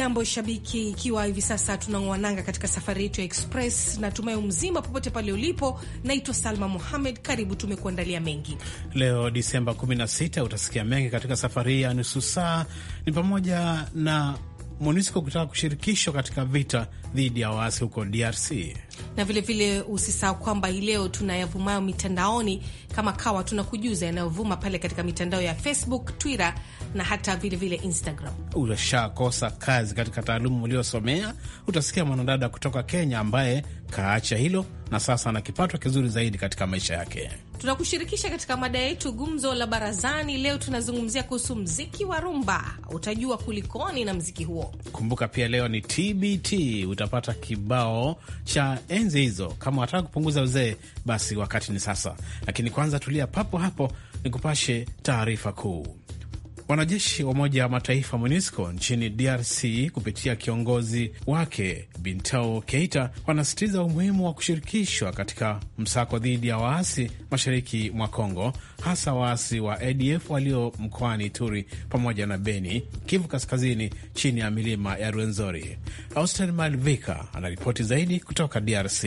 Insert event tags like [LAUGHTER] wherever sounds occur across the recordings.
jambo shabiki, ikiwa hivi sasa tunang'oa katika safari yetu ya express, natumai mzima popote pale ulipo. Naitwa Salma Muhamed, karibu. Tumekuandalia mengi leo. Disemba 16 utasikia mengi katika safari hii ya nusu saa, ni pamoja na MONUSCO kutaka kushirikishwa katika vita dhidi ya waasi huko DRC. Na vilevile usisahau kwamba hii leo tunayavumayo mitandaoni, kama kawa tunakujuza yanayovuma pale katika mitandao ya Facebook, Twitter na hata vilevile vile Instagram. Ushakosa kazi katika taaluma uliosomea. Utasikia mwanadada kutoka Kenya ambaye kaacha hilo na sasa ana kipato kizuri zaidi katika maisha yake. Tunakushirikisha katika mada yetu gumzo la barazani. Leo tunazungumzia kuhusu mziki wa rumba, utajua kulikoni na mziki huo. Kumbuka pia leo ni TBT, utapata kibao cha enzi hizo. Kama wataka kupunguza uzee, basi wakati ni sasa, lakini kwanza tulia papo hapo nikupashe taarifa kuu. Wanajeshi wa Umoja wa Mataifa MONUSCO nchini DRC kupitia kiongozi wake Bintao Keita wanasisitiza umuhimu wa kushirikishwa katika msako dhidi ya waasi mashariki mwa Kongo, hasa waasi wa ADF walio mkoani Ituri pamoja na Beni, Kivu Kaskazini, chini ya milima ya Rwenzori. Austen Malvika anaripoti zaidi kutoka DRC.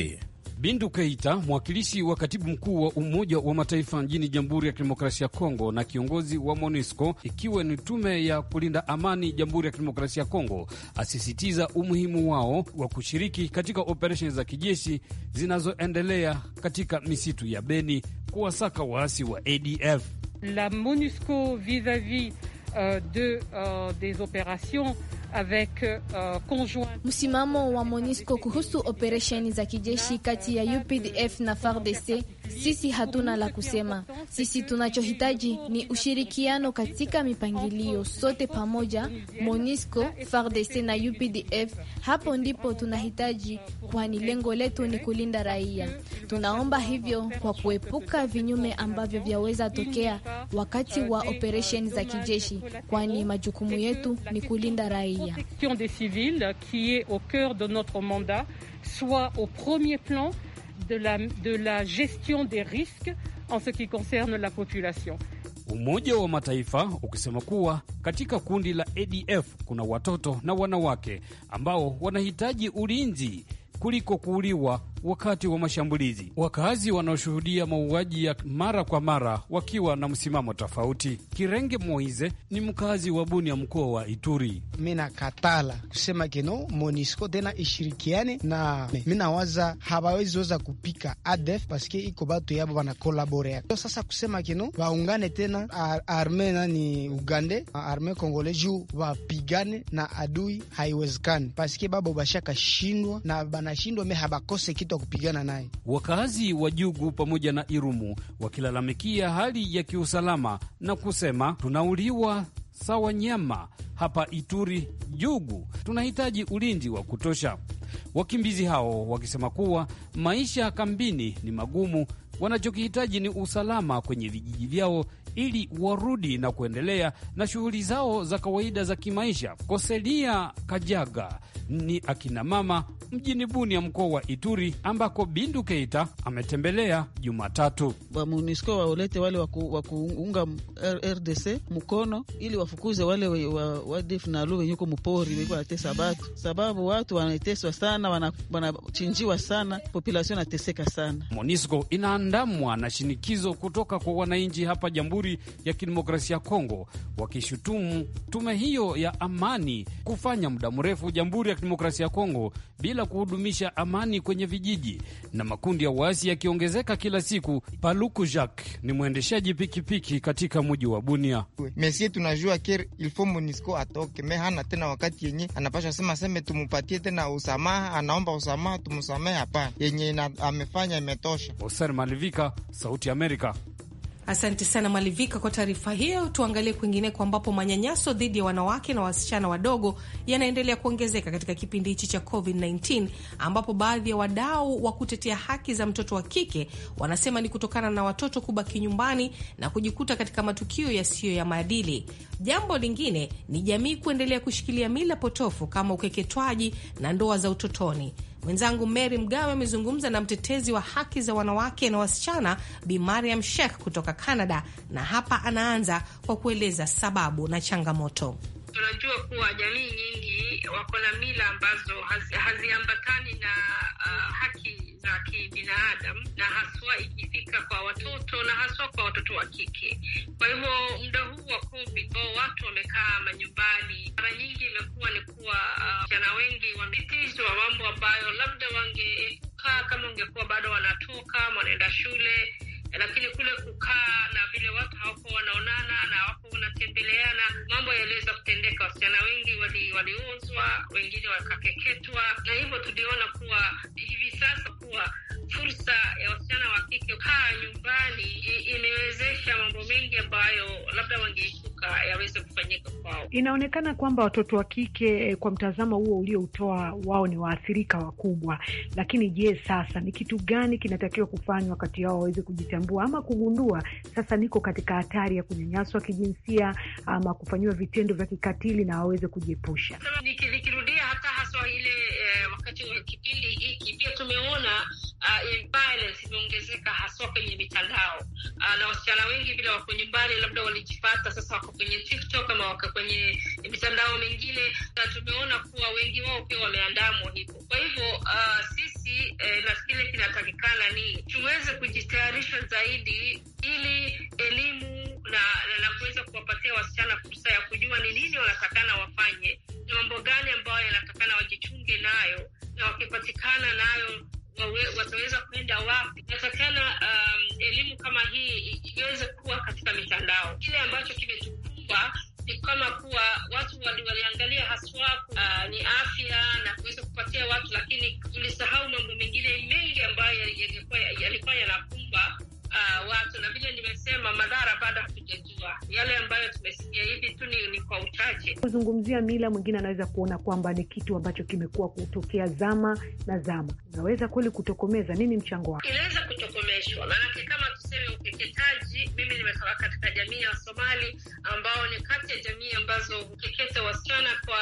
Bindu Keita, mwakilishi wa katibu mkuu wa Umoja wa Mataifa nchini Jamhuri ya Kidemokrasia ya Kongo na kiongozi wa MONUSCO ikiwa ni tume ya kulinda amani Jamhuri ya Kidemokrasia ya Kongo, asisitiza umuhimu wao wa kushiriki katika operesheni za kijeshi zinazoendelea katika misitu ya Beni kuwasaka waasi wa ADF. La MONUSCO vis-a-vis, uh, de, uh, des operations Avec, uh, conjoint... Msimamo wa MONUSCO kuhusu operesheni za kijeshi kati ya UPDF na FARDC sisi hatuna la kusema. Sisi tunachohitaji ni ushirikiano katika mipangilio, sote pamoja, MONUSCO, FARDC na UPDF. Hapo ndipo tunahitaji, kwani lengo letu ni kulinda raia. Tunaomba hivyo kwa kuepuka vinyume ambavyo vyaweza tokea wakati wa operesheni za kijeshi, kwani majukumu yetu ni kulinda raia. soit au premier plan de la, de la gestion des risques en ce qui concerne la population. Umoja wa Mataifa ukisema kuwa katika kundi la ADF kuna watoto na wanawake ambao wanahitaji ulinzi kuliko kuuliwa wakati wa mashambulizi, wakazi wanaoshuhudia mauaji ya mara kwa mara wakiwa na msimamo tofauti. Kirenge Moize ni mkazi wa Bunia, mkoa wa Ituri. Mina katala kusema keno Monisco tena ishirikiane na minawaza weza kupika ADF paske iko batu yabo banakolaborea sasa, kusema keno waungane tena ar arme nani Ugande arme Kongole juu wapigane na adui, haiwezekani paske babo bashakashindwa na banashindwa me habakose kitu hata kupigana naye. Wakazi wa Jugu pamoja na Irumu wakilalamikia hali ya kiusalama na kusema tunauliwa sawa nyama hapa Ituri Jugu, tunahitaji ulinzi wa kutosha. Wakimbizi hao wakisema kuwa maisha kambini ni magumu, wanachokihitaji ni usalama kwenye vijiji vyao ili warudi na kuendelea na shughuli zao za kawaida za kimaisha. Koselia Kajaga ni akina mama mjini Bunia, mkoa wa Ituri, ambako Bindu Keita ametembelea Jumatatu. MONUSCO waulete wale wa kuunga RDC mkono ili wafukuze wale wa na lu wenyeko mpori weko wanatesa batu, sababu watu wanateswa sana, wanachinjiwa wana sana, populasio anateseka sana. MONUSCO inaandamwa na shinikizo kutoka kwa wananchi hapa Jamhuri ya Kidemokrasia ya Kongo, wakishutumu tume hiyo ya amani kufanya muda mrefu Jamhuri ya Kidemokrasia ya Kongo bila kuhudumisha amani kwenye vijiji na makundi ya waasi yakiongezeka kila siku. Paluku Jacques ni mwendeshaji pikipiki katika mji wa Bunia. Mesie tunajua ker ilfo Monisco atoke me hana tena wakati yenye anapasha sema seme tumupatie tena usamaha, anaomba usamaha tumusamehe. Hapa yenye amefanya imetosha. Oser Malivika, Sauti Amerika, Asante sana Malivika kwa taarifa hiyo. Tuangalie kwingineko ambapo manyanyaso dhidi ya wanawake na wasichana wadogo yanaendelea kuongezeka katika kipindi hichi cha COVID-19, ambapo baadhi ya wadau wa kutetea haki za mtoto wa kike wanasema ni kutokana na watoto kubaki nyumbani na kujikuta katika matukio yasiyo ya maadili. Jambo lingine ni jamii kuendelea kushikilia mila potofu kama ukeketwaji na ndoa za utotoni. Mwenzangu Mary Mgawe amezungumza na mtetezi wa haki za wanawake na wasichana Bi Mariam Sheikh kutoka Canada, na hapa anaanza kwa kueleza sababu na changamoto tunajua kuwa jamii nyingi wako na mila ambazo haziambatani na uh, haki za kibinadamu, na haswa ikifika kwa watoto na haswa kwa watoto wa kike. Kwa hivyo muda huu wa COVID ambao watu wamekaa manyumbani, mara nyingi imekuwa ni kuwa ah, vijana uh, wengi wamepitizwa mambo ambayo labda wangeepuka kama ungekuwa bado wanatoka wanaenda shule, lakini kule kukaa na kuwa wengine wakakeketwa, na hivyo tuliona kuwa hivi sasa kuwa fursa ya wasichana wa kike kaa nyumbani imewezesha mambo mengi ambayo labda wange kuepuka yaweze kufanyika kwao. Inaonekana kwamba watoto wa kike, eh, kwa mtazamo huo ulioutoa, wao ni waathirika wakubwa. Lakini je, sasa ni kitu gani kinatakiwa kufanywa wakati yao waweze kujitambua ama kugundua sasa niko katika hatari ya kunyanyaswa kijinsia ama kufanyiwa vitendo vya kikatili na waweze kujiepusha? Nikirudia hata haswa ile eh, wakati wa kipindi hiki pia tumeona uh, imeongezeka haswa kwenye mitandao uh, na wasichana wengi vile wako nyumbani, labda walijipata sasa wako kwenye TikTok ama wako kwenye mitandao mingine, na tumeona kuwa wengi wao pia wameandamwa hivyo. Kwa hivyo uh, sisi eh, na kile kinatakikana ni tuweze kujitayarisha zaidi ili elimu na, na, na kuweza kuwapatia wasichana fursa ya kujua ni nini wanatakana wafanye, ni mambo gani ambayo yanatakana wajichunge nayo, na wakipatikana nayo wataweza kuenda wapi. Inatakana um, elimu kama hii iweze kuwa katika mitandao. Kile ambacho kimetukua ni kama kuwa watu waliangalia haswa uh, ni afya na kuweza kupatia watu, lakini tulisahau mambo mengine mengi ambayo yalikuwa yanakumba Uh, watu na vile nimesema, madhara bado hatujajua. Yale ambayo tumesikia hivi tu ni kwa uchache. Kuzungumzia mila, mwingine anaweza kuona kwamba ni kitu ambacho kimekuwa kutokea zama na zama. Unaweza kweli kutokomeza nini? Mchango wako inaweza kutokomeshwa, maanake kama tuseme ukeketaji. Mimi nimetoka katika jamii ya Somali ambao ni kati ya jamii ambazo hukeketa wasichana kwa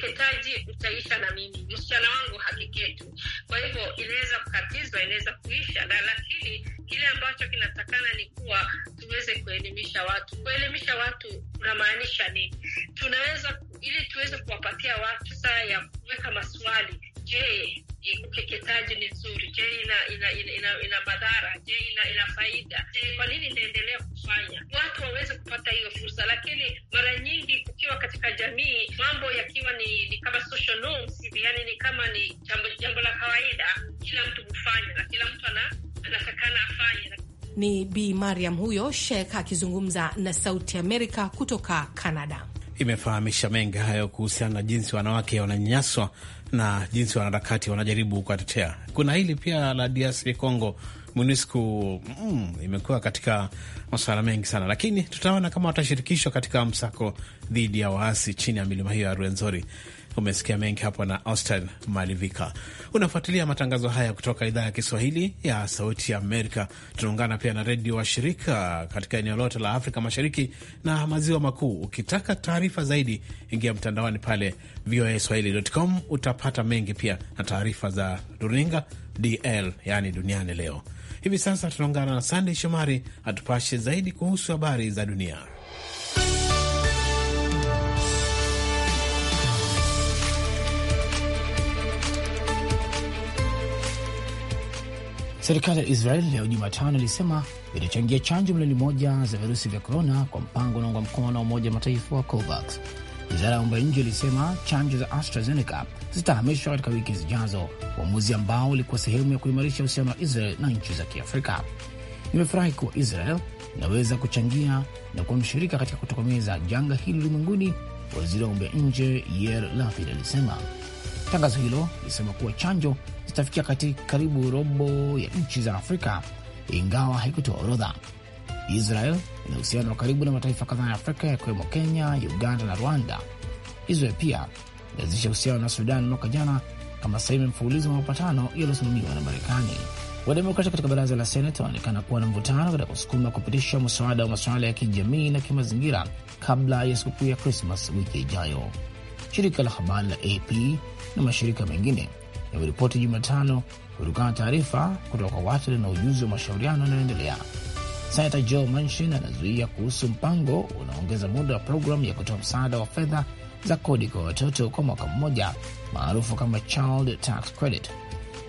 ukeketaji utaisha na mimi, msichana wangu hakiketu. Kwa hivyo inaweza kukatizwa, inaweza kuisha na, lakini kile ambacho kinatakana ni kuwa tuweze kuelimisha watu. Kuelimisha watu unamaanisha nini? Tunaweza ili tuweze kuwapatia watu saa ya kuweka maswali. Je, ukeketaji ni nzuri? Je, ina ina, ina, ina, ina madhara? Je, ina, ina faida? Je, kwa nini inaendelea kufanya? Watu waweze kupata hiyo fursa, lakini mara nyingi ukiwa katika jamii, mambo yakiwa ni, ni kama social norms hivi, yani ni kama ni jambo, jambo la kawaida, kila mtu hufanya na kila mtu ana, anatakana afanye. Ni Bi Mariam huyo Shek akizungumza na Sauti Amerika kutoka Canada. Imefahamisha mengi hayo kuhusiana na jinsi wanawake wananyanyaswa na jinsi wanaharakati wanajaribu kuwatetea. Kuna hili pia la DRC Congo, MONUSCO mm, imekuwa katika masuala mengi sana, lakini tutaona kama watashirikishwa katika msako dhidi ya waasi chini ya milima hiyo ya Rwenzori. Umesikia mengi hapo na Austin Malivika. Unafuatilia matangazo haya kutoka idhaa ya Kiswahili ya Sauti ya Amerika. Tunaungana pia na redio washirika katika eneo lote la Afrika Mashariki na Maziwa Makuu. Ukitaka taarifa zaidi, ingia mtandaoni pale voa swahili.com. Utapata mengi pia na taarifa za runinga DL, yaani duniani leo. Hivi sasa tunaungana na Sandey Shomari atupashe zaidi kuhusu habari za dunia. Serikali ya Israel leo Jumatano ilisema itachangia chanjo milioni moja za virusi vya korona kwa mpango unaungwa mkono na Umoja wa Mataifa wa COVAX. Wizara ya mambo ya nje ilisema chanjo za AstraZeneca zitahamishwa katika wiki zijazo, uamuzi ambao ulikuwa sehemu ya kuimarisha uhusiano wa Israel na nchi za Kiafrika. imefurahi kuwa Israel inaweza kuchangia na kuwa mshirika katika kutokomeza janga hili ulimwenguni, waziri wa mambo ya nje Yair Lapid alisema. Tangazo hilo lilisema kuwa chanjo zitafikia katika karibu robo ya nchi za Afrika, ingawa haikutoa orodha. Israel ina uhusiano wa karibu na mataifa kadhaa ya Afrika yakiwemo Kenya, Uganda na Rwanda. Israel pia ilianzisha uhusiano na Sudan mwaka jana kama sehemu ya mfululizo wa mapatano yaliyosimamiwa na Marekani. Wademokrati katika baraza la senate wanaonekana kuwa na mvutano katika kusukuma kupitisha mswada wa masuala ya kijamii na kimazingira kabla ya sikukuu ya Krismas wiki ijayo shirika la habari la AP na mashirika mengine yameripoti Jumatano kutokana na taarifa kutoka kwa watu lina ujuzi wa mashauriano yanayoendelea. Senata Joe Manchin anazuia kuhusu mpango unaoongeza muda wa programu ya kutoa msaada wa fedha za kodi kwa watoto kwa mwaka mmoja maarufu kama Child Tax Credit.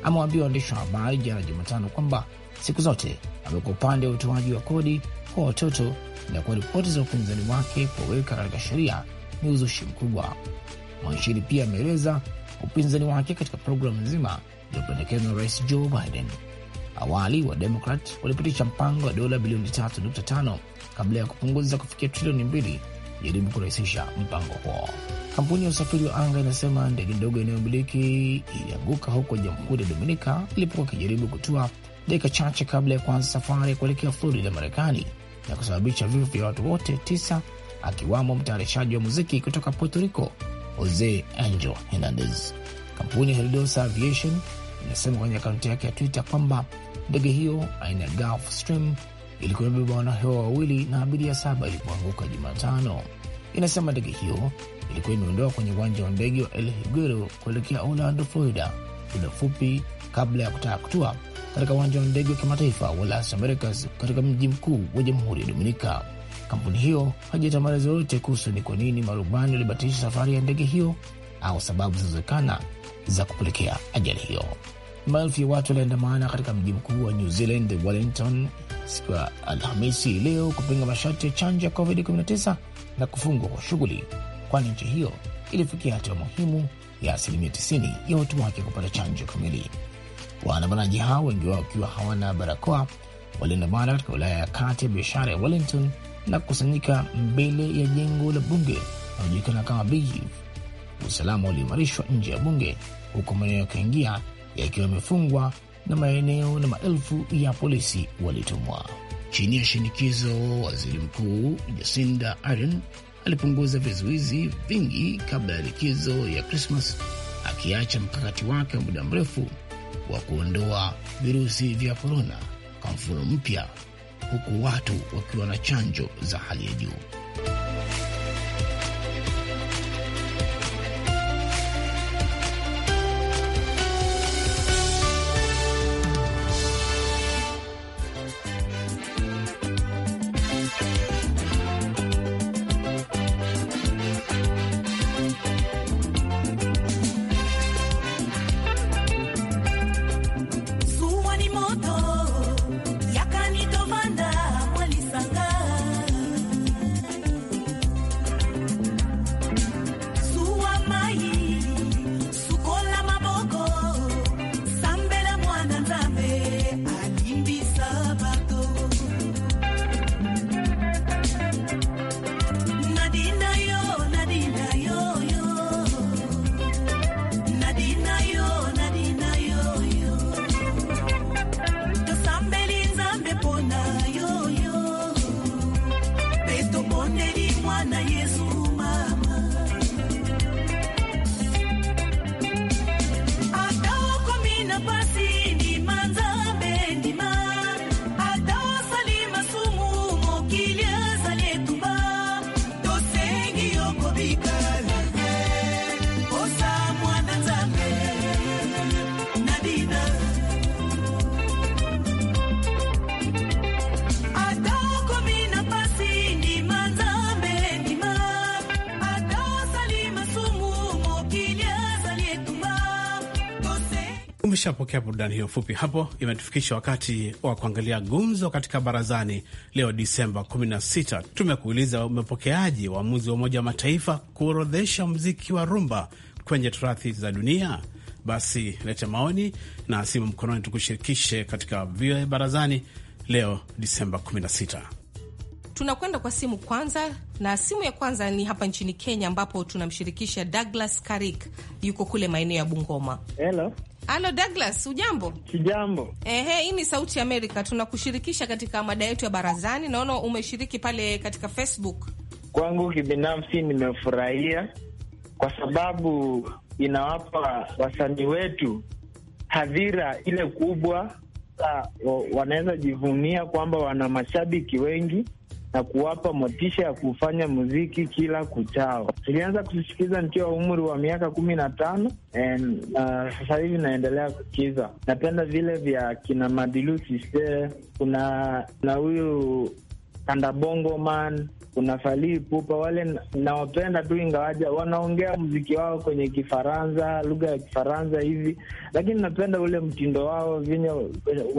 Amewaambia waandishi wa habari jana Jumatano kwamba siku zote amekuwa upande wa utoaji wa kodi kwa watoto na kwa ripoti za upinzani wake kuwaweka katika sheria ni uzushi mkubwa. Mwanshiri pia ameeleza upinzani wake katika programu nzima iliyopendekezwa na Rais Joe Biden. Awali wa demokrat walipitisha mpango wa dola bilioni 3.5 kabla ya kupunguza kufikia trilioni mbili jaribu kurahisisha mpango huo. Kampuni ya usafiri wa anga inasema ndege ndogo inayomiliki ilianguka huko Jamhuri ya Dominika ilipokuwa ikijaribu kutua dakika chache kabla ya kuanza safari ya kuelekea Florida, Marekani, na kusababisha vifo vya watu wote tisa akiwamo mtayarishaji wa muziki kutoka Puerto Rico Jose Angel Hernandez. Kampuni ya Helidosa Aviation inasema kwenye akaunti yake ya Twitter kwamba ndege hiyo aina ya stream ilikuwa imebeba wanahewa wawili na abiria saba ilipoanguka Jumatano. Inasema ndege hiyo ilikuwa imeondoka kwenye uwanja wa ndege wa El Higuero kuelekea Orlando, Florida, muda fupi kabla ya kutaka kutua katika uwanja wa ndege wa kimataifa wa Las Americas katika mji mkuu wa Jamhuri ya Dominika. Kampuni hiyo haijatoa maelezo yoyote kuhusu ni kwa nini marubani walibatilisha safari ya ndege hiyo au sababu zinazowezekana za kupelekea ajali hiyo. Maelfu ya watu waliandamana katika mji mkuu wa New Zealand, Wellington, siku ya Alhamisi leo kupinga masharti ya chanjo ya COVID-19 na kufungwa kwa shughuli, kwani nchi hiyo ilifikia hatua muhimu ya asilimia 90 ya watu wake kupata chanjo kamili. Waandamanaji hao, wengi wao wakiwa hawana barakoa, waliandamana katika wilaya ya kati ya biashara ya Wellington na kukusanyika mbele ya jengo la bunge inayojulikana kama Beehive. Usalama uliimarishwa nje ya bunge, huku maeneo ya kuingia yakiwa yamefungwa na maeneo na maelfu ya polisi walitumwa. Chini ya shinikizo, waziri mkuu Jacinda Ardern alipunguza vizuizi vingi kabla ya likizo ya Krismas, akiacha mkakati wake wa muda mrefu wa kuondoa virusi vya korona kwa mfumo mpya huku watu wakiwa na chanjo za hali ya juu. Umeshapokea burudani hiyo fupi hapo, imetufikisha wakati wa kuangalia gumzo katika barazani. Leo Disemba 16, tumekuuliza umepokeaji uamuzi wa Umoja wa Mataifa kuorodhesha mziki wa rumba kwenye turathi za dunia? Basi lete maoni na simu mkononi, tukushirikishe katika VOA barazani leo Disemba 16. Tunakwenda kwa simu kwanza, na simu ya kwanza ni hapa nchini Kenya, ambapo tunamshirikisha Douglas Karik, yuko kule maeneo ya Bungoma. Hello. Halo Douglas, ujambo? Kijambo. Ehe, hii ni Sauti ya Amerika, tunakushirikisha katika mada yetu ya barazani. Naona umeshiriki pale katika Facebook. Kwangu kibinafsi nimefurahia kwa sababu inawapa wasanii wetu hadhira ile kubwa, wanaweza jivunia kwamba wana mashabiki wengi na kuwapa motisha ya kufanya muziki kila kuchao. Nilianza kusikiza nikiwa umri wa miaka kumi na tano uh, sasa hivi naendelea kusikiza. Napenda vile vya kina Madilu kuna na huyu Kandabongo Man kuna Fally Ipupa, wale nawapenda tu, ingawaja wanaongea mziki wao kwenye Kifaransa, lugha ya Kifaransa hivi, lakini napenda ule mtindo wao vinye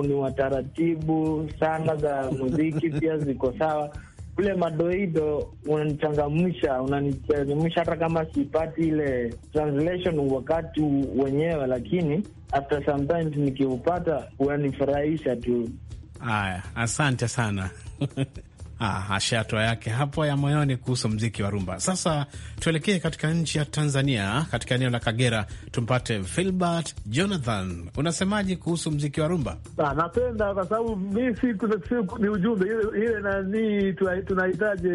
ni wataratibu sana za muziki [LAUGHS] pia ziko sawa ule madoido unanichangamsha, unanichangamsha hata kama sipati ile translation wakati wenyewe, lakini after sometimes nikiupata unanifurahisha tu. Haya, asante sana [LAUGHS] Ah, asha hatua yake hapo ya moyoni kuhusu mziki wa rumba. Sasa tuelekee katika nchi ya Tanzania, katika eneo la Kagera, tumpate Filbert Jonathan. Unasemaje kuhusu mziki wa rumba? Na, ah, napenda kwa sababu mi ni ujumbe ile, ile nanii tunahitaji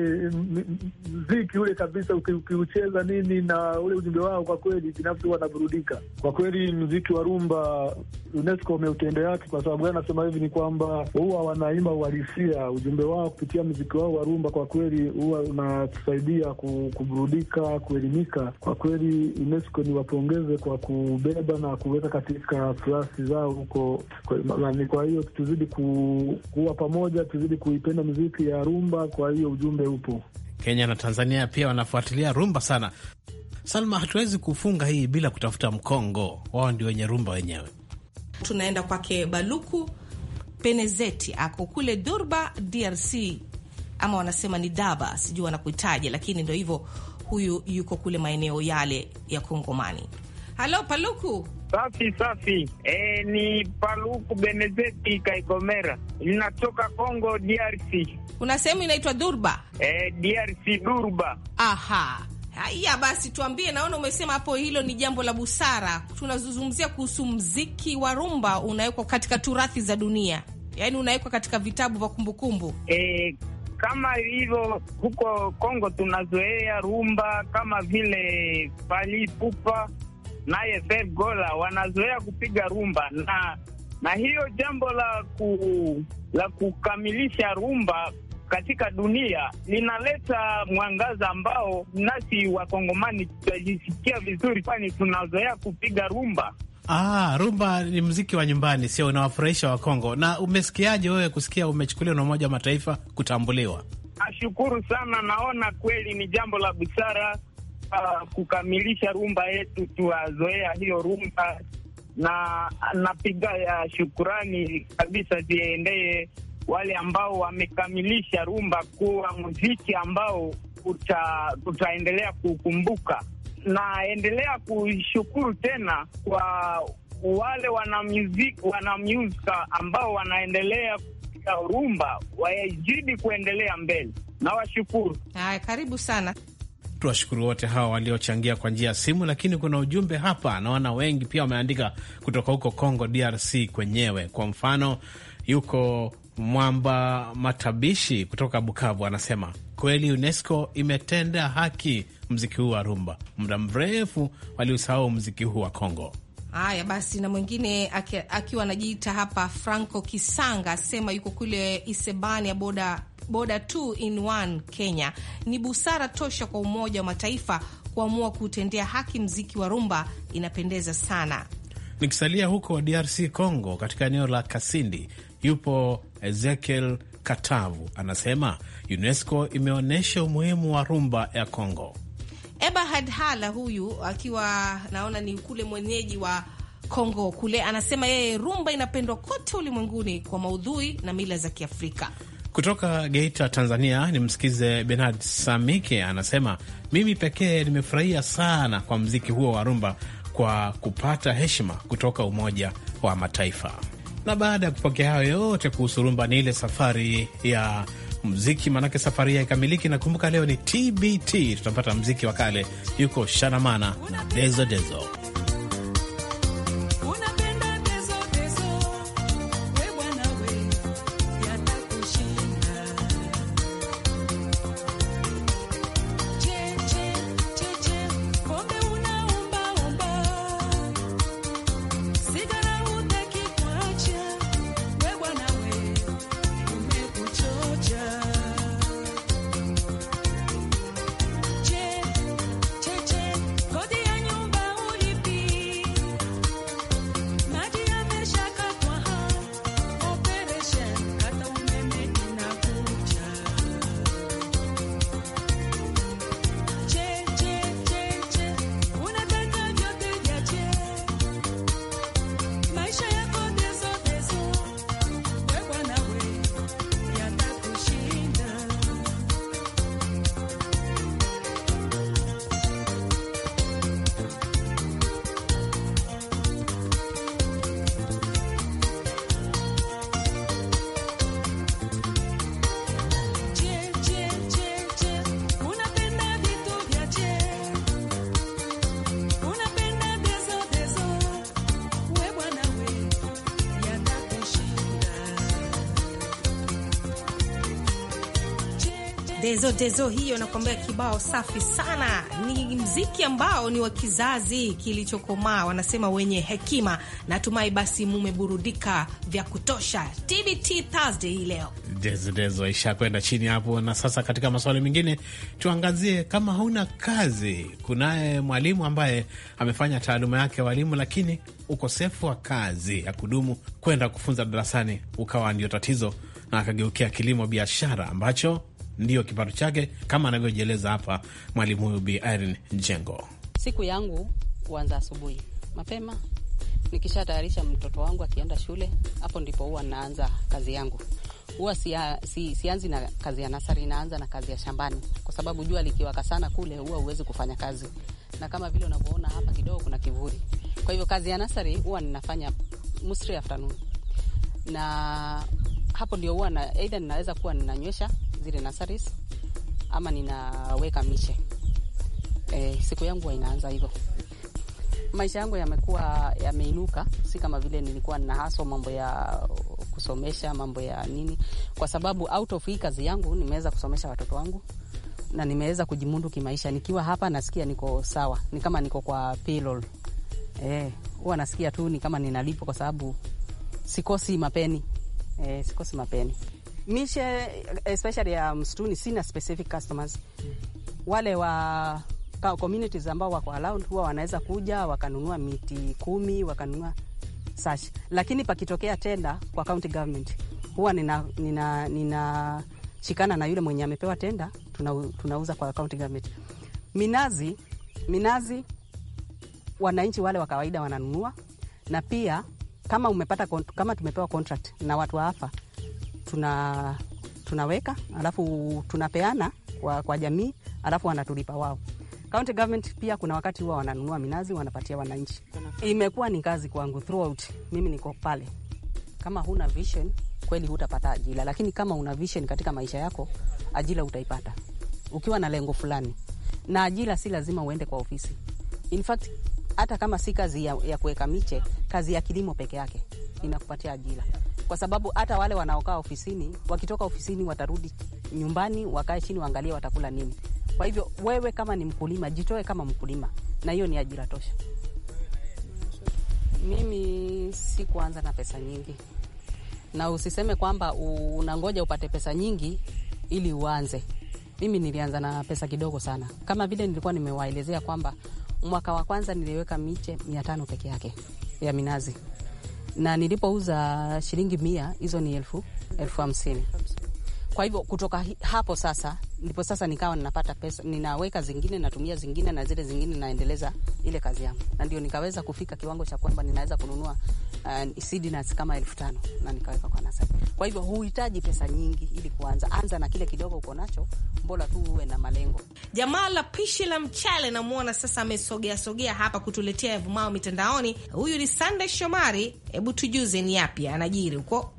mziki ule kabisa, ukiucheza nini na ule ujumbe wao, kwa kweli binafsi wanaburudika kwa kweli. Mziki wa rumba UNESCO umeutendea haki. Kwa sababu anasema hivi? Ni kwamba huwa wanaimba uhalisia ujumbe wao kupitia muziki wao wa rumba kwa kweli huwa unatusaidia kuburudika, kuelimika. Kwa kweli UNESCO niwapongeze kwa kubeba na kuweka katika plasi zao huko. Kwa hiyo tuzidi ku, kuwa pamoja, tuzidi kuipenda muziki ya rumba. Kwa hiyo ujumbe upo. Kenya na Tanzania pia wanafuatilia rumba sana. Salma, hatuwezi kufunga hii bila kutafuta mkongo. Wao ndio wenye rumba wenyewe. Tunaenda kwake Baluku Penezeti, ako kule Durba, DRC ama wanasema ni daba, sijui wanakuitaje, lakini ndo hivyo, huyu yuko kule maeneo yale ya Kongomani. Halo Paluku. Safi safi. E, ni Paluku Benezeti Kaikomera, ninatoka Congo DRC. Kuna sehemu inaitwa Durba? E, DRC Durba. Aha. Haya basi, tuambie. Naona umesema hapo hilo ni jambo la busara. Tunazungumzia kuhusu mziki wa rumba unawekwa katika turathi za dunia, yaani unawekwa katika vitabu vya kumbukumbu. E, kama ilivyo huko Kongo tunazoea rumba kama vile Fally Ipupa naye Pep Gola wanazoea kupiga rumba na na hiyo jambo la ku, la kukamilisha rumba katika dunia linaleta mwangaza ambao nasi wakongomani tutajisikia vizuri, kwani tunazoea kupiga rumba Ah, rumba ni mziki wa nyumbani, sio unawafurahisha Wakongo. Na umesikiaje wewe kusikia umechukuliwa na Umoja wa Mataifa kutambuliwa? Ashukuru sana, naona kweli ni jambo la busara uh, kukamilisha rumba yetu, tuwazoea hiyo rumba na napiga ya shukurani kabisa ziendee wale ambao wamekamilisha rumba kuwa muziki ambao uta, tutaendelea kukumbuka naendelea kushukuru tena kwa wale wanamuziki wanamuzika ambao wanaendelea kupiga rumba, wajidi kuendelea mbele, nawashukuru. Haya, karibu sana. Tuwashukuru wote hawa waliochangia kwa njia ya simu, lakini kuna ujumbe hapa, naona wengi pia wameandika kutoka huko Congo DRC kwenyewe. Kwa mfano, yuko Mwamba Matabishi kutoka Bukavu anasema kweli UNESCO imetenda haki mziki huu wa rumba, muda mrefu waliusahau mziki huu wa Kongo. Haya basi, na mwingine akiwa anajiita hapa Franco Kisanga asema yuko kule Isebania boda boda 2 in 1 Kenya. Ni busara tosha kwa Umoja wa Mataifa kuamua kuutendea haki mziki wa rumba, inapendeza sana. Nikisalia huko DRC Congo, katika eneo la Kasindi yupo Ezekiel Katavu anasema UNESCO imeonyesha umuhimu wa rumba ya congo Eba hala huyu akiwa naona ni kule mwenyeji wa Kongo kule, anasema yeye rumba inapendwa kote ulimwenguni kwa maudhui na mila za Kiafrika. Kutoka Geita, Tanzania, nimsikize Benard Samike anasema mimi pekee nimefurahia sana kwa mziki huo wa rumba kwa kupata heshima kutoka Umoja wa Mataifa. Na baada ya kupokea hayo yote kuhusu rumba, ni ile safari ya mziki, maanake safari ya ikamiliki. Nakumbuka leo ni TBT, tutapata mziki wa kale, yuko Shanamana na Dezo Dezo. dezo dezo hiyo, nakuambia kibao safi sana. Ni mziki ambao ni wa kizazi kilichokomaa, wanasema wenye hekima. Natumai basi mumeburudika vya kutosha. TBT Thursday hii leo dezo dezo ishakwenda chini hapo, na sasa katika masuala mengine tuangazie. Kama hauna kazi, kunaye mwalimu ambaye amefanya taaluma yake walimu, lakini ukosefu wa kazi ya kudumu kwenda kufunza darasani ukawa ndio tatizo, na akageukia kilimo biashara ambacho ndiyo kipato chake, kama anavyojieleza hapa mwalimu huyu Bi Irene Njengo. Siku yangu huanza asubuhi mapema, nikishatayarisha mtoto wangu akienda shule, hapo ndipo huwa naanza kazi yangu. Huwa sianzi si, sianzi na kazi ya nasari, naanza na kazi ya shambani, kwa sababu jua likiwaka sana kule huwa huwezi kufanya kazi, na kama vile unavyoona hapa kidogo kuna kivuli. Kwa hivyo kazi ya nasari huwa ninafanya mostly afternoon, na hapo ndio huwa na, either ninaweza kuwa ninanywesha zile nasaris ama ninaweka miche e, siku yangu inaanza hivyo. Maisha yangu yamekuwa yameinuka, si kama vile nilikuwa nina haso mambo ya kusomesha mambo ya nini, kwa sababu out of hii kazi yangu nimeweza kusomesha watoto wangu na nimeweza kujimundu kimaisha. Nikiwa hapa nasikia niko sawa, ni kama niko kwa payroll eh, huwa nasikia tu ni kama ninalipo, kwa sababu sikosi mapeni eh, sikosi mapeni mishe especially ya um, mstuni msituni sina specific customers. Wale wa communities ambao wako around huwa wanaweza kuja wakanunua miti kumi wakanunua such, lakini pakitokea tenda kwa county government huwa nina, nina, nina shikana na yule mwenye amepewa tenda, tunauza kwa county government. Minazi, minazi wananchi wale wa kawaida wananunua, na pia kama umepata, kama tumepewa contract na watu wa hapa tuna tunaweka alafu tunapeana kwa, kwa jamii alafu wanatulipa wao. County government pia kuna wakati huwa wananunua minazi wanapatia wananchi. Imekuwa ni kazi kwangu throughout, mimi niko pale. Kama huna vision kweli hutapata ajira, lakini kama una vision katika maisha yako ajira utaipata ukiwa na lengo fulani, na ajira si lazima uende kwa ofisi. In fact hata kama si kazi ya, ya kuweka miche, kazi ya kilimo peke yake inakupatia ajira kwa sababu hata wale wanaokaa ofisini wakitoka ofisini watarudi nyumbani, wakae chini, waangalie watakula nini. Kwa hivyo wewe kama ni mkulima, jitoe kama mkulima, na hiyo ni ajira tosha. Mimi si kuanza na pesa nyingi, na usiseme kwamba unangoja upate pesa nyingi ili uanze. Mimi nilianza na pesa kidogo sana, kama vile nilikuwa nimewaelezea kwamba mwaka wa kwanza niliweka miche mia tano peke yake ya minazi na nilipouza shilingi mia hizo ni elfu elfu hamsini. Kwa hivyo kutoka hapo sasa ndipo sasa nikawa ninapata pesa, ninaweka zingine, natumia zingine na zile zingine naendeleza ile kazi yangu, na ndio nikaweza kufika kiwango cha kwamba ninaweza kununua uh, kama elfu tano na nikaweka kwa nasari. Kwa hivyo huhitaji pesa nyingi ili kuanza, anza na kile kidogo uko nacho, mbola tu uwe na malengo. Jamaa la pishi la mchele namwona sasa amesogea sogea hapa kutuletea yavumao mitandaoni. Huyu ni Sandey Shomari, hebu tujuze ni yapi anajiri huko.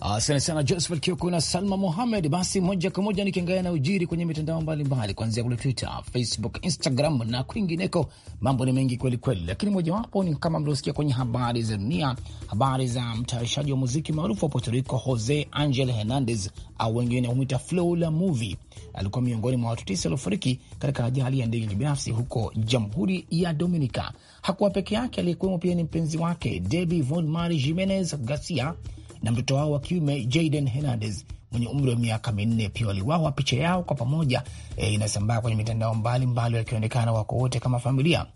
Asante sana Josephat Kioko na Salma muhamed Basi moja kwa moja nikiangalia na ujiri kwenye mitandao mbalimbali, kuanzia kule Twitter, Facebook, Instagram na kwingineko. Mambo ni mengi kweli kweli, lakini mojawapo ni kama mliosikia kwenye habari za dunia, habari za mtayarishaji wa muziki maarufu wa Puerto Rico Jose Angel Hernandez au wengine humwita Flow la Movie. Alikuwa miongoni mwa watu tisa waliofariki katika ajali ya ndege kibinafsi huko Jamhuri ya Dominica. Hakuwa peke yake, aliyekuwemo pia ni mpenzi wake debi Von Mari Jimenez Garcia na mtoto wao wa kiume Jaden Hernandez mwenye umri wa miaka minne pia waliwawa. Picha yao kwa pamoja e, inasambaa kwenye mitandao mbalimbali wakionekana wako wote kama familia.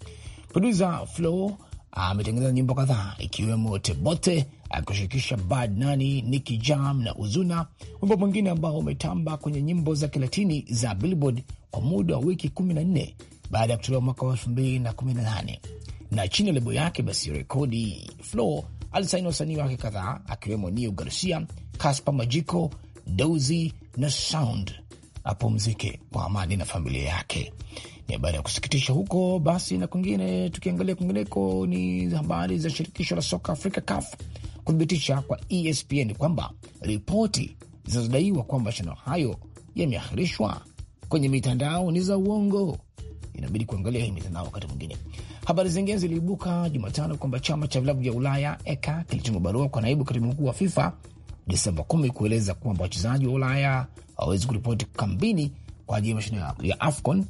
Produsa Flo ah, ametengeneza nyimbo kadhaa ikiwemo Tebote akishirikisha Bad Nani, Nicky Jam na Uzuna, wimbo mwingine ambao umetamba kwenye nyimbo za Kilatini za Billboard kwa muda wa wiki 14 baada ya kutolewa mwaka wa 2018 na chini ya lebo yake basi rekodi Flo alisaini wasanii wake kadhaa akiwemo Neo Garcia, Kaspa Majiko, Dozy na Sound. Apumzike kwa amani na familia yake. Ni habari ya kusikitisha huko. Basi na kwingine, tukiangalia kwingineko, ni habari za shirikisho la soka Afrika CAF kuthibitisha kwa ESPN kwamba ripoti zinazodaiwa kwamba mashindano hayo yameahirishwa kwenye mitandao ni za uongo. Inabidi kuangalia hii mitandao wakati mwingine. Habari zingine ziliibuka Jumatano kwamba chama cha vilabu vya Ulaya ECA kilituma barua kwa naibu katibu mkuu wa FIFA Desemba kumi kueleza kwamba wachezaji wa Ulaya hawawezi kuripoti kambini kwa ajili ya mashindano ya AFCON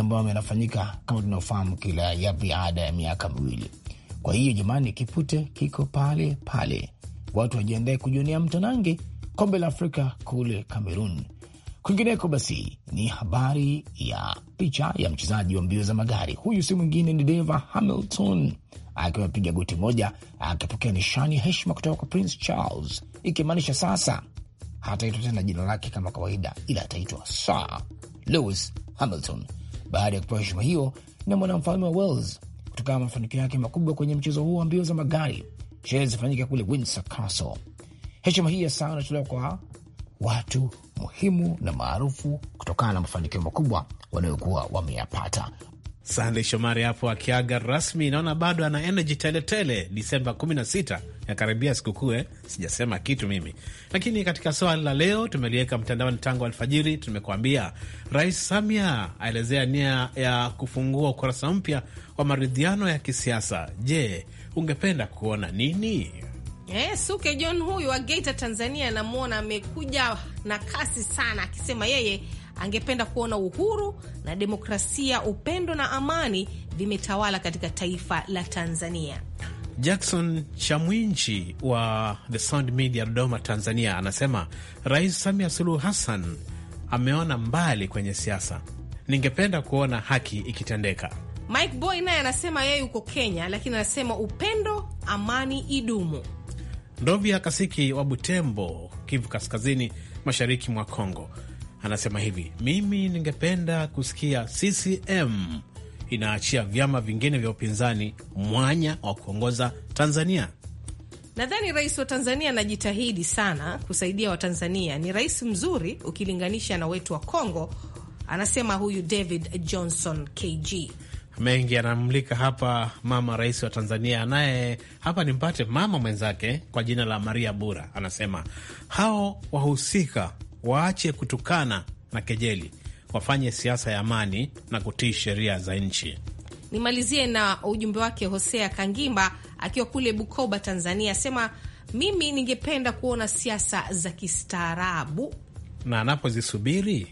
ambayo yanafanyika kama tunaofahamu kila ya baada ya miaka miwili. Kwa hiyo jamani, kipute kiko pale pale, watu wajiandae kujionea mtanange kombe la Afrika kule Kamerun Kwingineko basi ni habari ya picha ya mchezaji wa mbio za magari. Huyu si mwingine ni Deva Hamilton akiwa amepiga goti moja akipokea nishani ya heshima kutoka kwa Prince Charles, ikimaanisha sasa hataitwa tena jina lake kama kawaida, ila ataitwa Sir Lewis Hamilton baada ya kupewa heshima hiyo na mwanamfalme wa Wales kutokana na mafanikio yake makubwa kwenye mchezo huo wa mbio za magari. Sherehe zifanyika kule Windsor Castle. Heshima hii ya saa anatolewa kwa watu muhimu na maarufu kutokana na mafanikio makubwa wanayokuwa wameyapata. Sande Shomari hapo akiaga rasmi, naona bado ana energy teletele. Disemba 16 karibia sikukuu, eh? sijasema kitu mimi, lakini katika swali la leo tumeliweka mtandaoni tangu alfajiri. Tumekuambia Rais Samia aelezea nia ya kufungua ukurasa mpya wa maridhiano ya kisiasa. Je, ungependa kuona nini? Eh, Suke John huyu wa Geita Tanzania anamwona amekuja na kasi sana, akisema yeye angependa kuona uhuru na demokrasia, upendo na amani vimetawala katika taifa la Tanzania. Jackson Chamwinji wa The Sound Media Dodoma, Tanzania anasema Rais Samia Suluhu Hassan ameona mbali kwenye siasa, ningependa kuona haki ikitendeka. Mike Boy naye anasema yeye yuko Kenya, lakini anasema upendo, amani idumu. Ndovya Kasiki wa Butembo, Kivu Kaskazini, mashariki mwa Kongo, anasema hivi: mimi ningependa kusikia CCM inaachia vyama vingine vya upinzani mwanya wa kuongoza Tanzania. Nadhani rais wa Tanzania anajitahidi sana kusaidia Watanzania, ni rais mzuri ukilinganisha na wetu wa Kongo, anasema huyu David Johnson KG mengi anamlika hapa mama rais wa Tanzania naye hapa nimpate mama mwenzake kwa jina la Maria Bura, anasema hao wahusika waache kutukana na kejeli, wafanye siasa ya amani na kutii sheria za nchi. Nimalizie na ujumbe wake Hosea Kangimba akiwa kule Bukoba, Tanzania, asema mimi ningependa kuona siasa za kistaarabu na anapozisubiri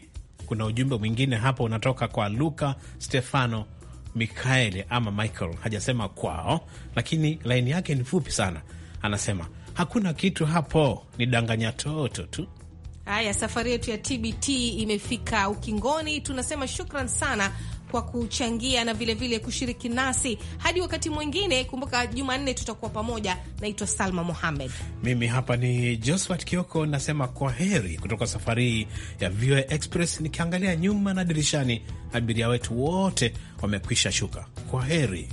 kuna ujumbe mwingine hapa unatoka kwa Luka Stefano Mikael ama Michael hajasema kwao, lakini laini yake ni fupi sana. Anasema hakuna kitu hapo, ni danganya toto tu. Haya, safari yetu ya TBT imefika ukingoni. Tunasema shukran sana kwa kuchangia na vilevile vile kushiriki nasi hadi wakati mwingine. Kumbuka Jumanne tutakuwa pamoja. Naitwa Salma Mohamed, mimi hapa ni Josphat Kioko, nasema kwa heri kutoka safari ya VOA Express, nikiangalia nyuma na dirishani, abiria wetu wote wamekwisha shuka. Kwa heri.